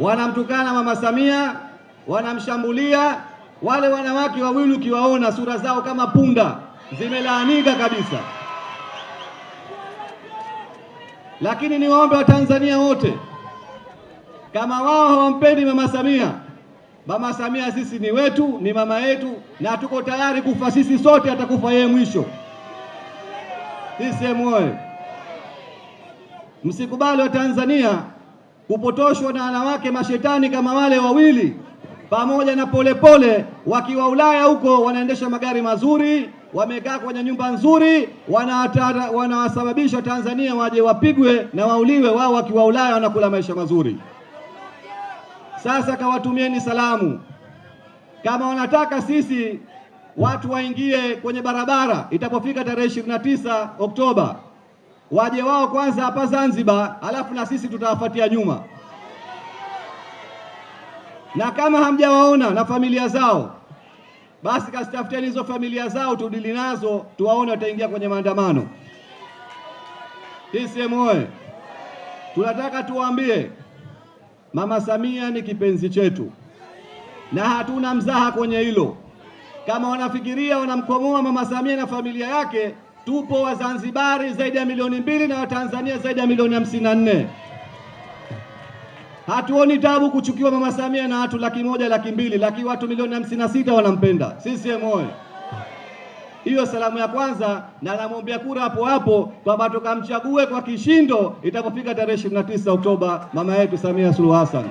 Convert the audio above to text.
wanamtukana mama Samia, wanamshambulia. Wale wanawake wawili ukiwaona sura zao kama punda zimelaanika kabisa. Lakini niwaombe Watanzania wote, kama wao hawampendi mama Samia, mama Samia sisi ni wetu, ni mama yetu, na tuko tayari kufa sisi sote, atakufa yeye mwisho. Sisi oye msikubali Watanzania kupotoshwa na wanawake mashetani kama wale wawili pamoja na Polepole wakiwa Ulaya huko, wanaendesha magari mazuri, wamekaa kwenye nyumba nzuri, wanawasababisha Tanzania waje wapigwe na wauliwe, wao wakiwa Ulaya wanakula maisha mazuri. Sasa kawatumieni salamu, kama wanataka sisi watu waingie kwenye barabara itapofika tarehe 29 Oktoba waje wao kwanza hapa Zanzibar, alafu na sisi tutawafuatia nyuma. Na kama hamjawaona na familia zao, basi kasitafuteni hizo familia zao, tudili nazo, tuwaone wataingia kwenye maandamano. CCM oye! Tunataka tuwaambie Mama Samia ni kipenzi chetu na hatuna mzaha kwenye hilo. Kama wanafikiria wanamkomoa Mama Samia na familia yake tupo Wazanzibari zaidi ya milioni mbili na Watanzania zaidi ya milioni hamsini na nne. Hatuoni tabu kuchukiwa Mama Samia na watu laki moja laki mbili laki watu milioni hamsini na sita wanampenda CCM oye! Hiyo salamu ya kwanza, na namwombea kura hapo hapo kwamba tukamchague kwa kishindo itapofika tarehe 29 Oktoba, mama yetu Samia Suluhu Hassan.